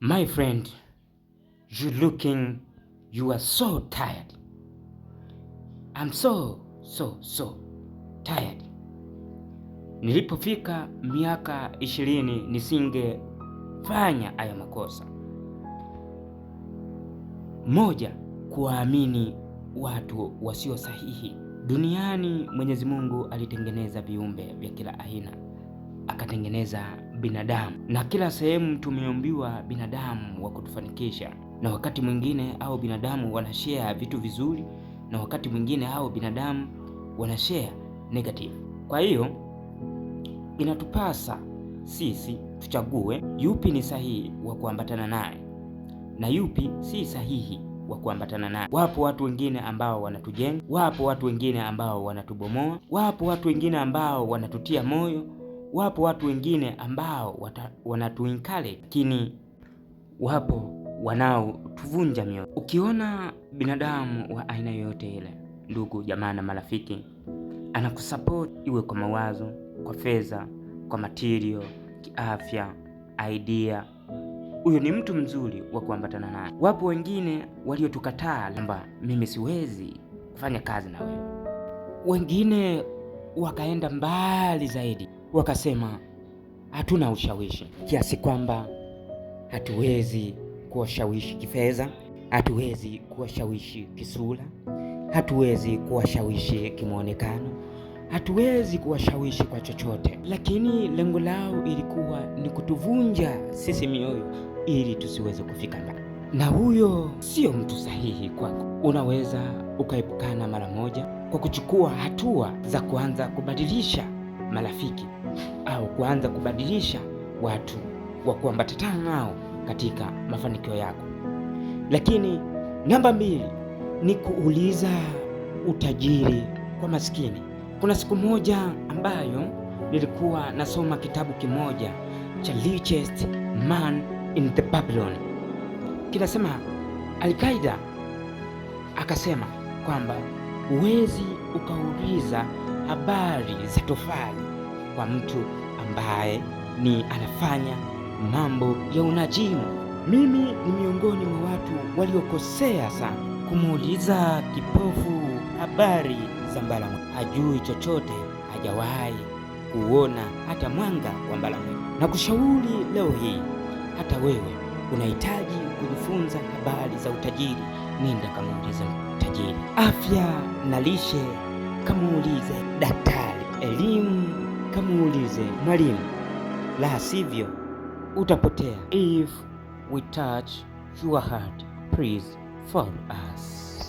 My friend, you looking, you are so tired. I'm so so so tired. Nilipofika miaka ishirini nisingefanya haya makosa. Moja, kuwaamini watu wasio sahihi. Duniani Mwenyezi Mungu alitengeneza viumbe vya kila aina akatengeneza binadamu, na kila sehemu tumeumbiwa binadamu wa kutufanikisha, na wakati mwingine au binadamu wanashare vitu vizuri, na wakati mwingine au binadamu wanashare negative. Kwa hiyo inatupasa sisi tuchague yupi ni sahihi wa kuambatana naye na yupi si sahihi wa kuambatana naye. Wapo watu wengine ambao wanatujenga, wapo watu wengine ambao wanatubomoa, wapo watu wengine ambao wanatutia moyo wapo watu wengine ambao wanatu lakini wapo wanaotuvunja mioyo. Ukiona binadamu wa aina yoyote ile, ndugu jamaa na marafiki, anakusupport iwe kwa mawazo, kwa fedha, kwa material, kiafya, idea, huyo ni mtu mzuri wa kuambatana naye. Wapo wengine waliotukataa kwamba mimi siwezi kufanya kazi na wewe, wengine wakaenda mbali zaidi wakasema hatuna ushawishi kiasi kwamba hatuwezi kuwashawishi kifedha, hatuwezi kuwashawishi kisura, hatuwezi kuwashawishi kimwonekano, hatuwezi kuwashawishi kwa chochote, lakini lengo lao ilikuwa ni kutuvunja sisi mioyo ili tusiweze kufika mbali. Na huyo sio mtu sahihi kwako. Unaweza ukaepukana mara moja kwa kuchukua hatua za kuanza kubadilisha marafiki au kuanza kubadilisha watu wa kuambatana nao katika mafanikio yako. Lakini namba mbili ni kuuliza utajiri kwa maskini. Kuna siku moja ambayo nilikuwa nasoma kitabu kimoja cha Richest Man in the Babylon, kinasema alkaida akasema kwamba huwezi ukauliza habari za tofali kwa mtu ambaye ni anafanya mambo ya unajimu. Mimi ni miongoni mwa watu waliokosea sana kumuuliza kipofu habari za mbalamwe. Hajui chochote, hajawahi kuona hata mwanga wa mbalamwe. Na kushauri leo hii, hata wewe unahitaji kujifunza habari za utajiri, nenda kamuuliza tajiri. Afya na lishe kamuulize daktari, elimu kamuulize mwalimu, la sivyo utapotea. If we touch your heart, please follow us.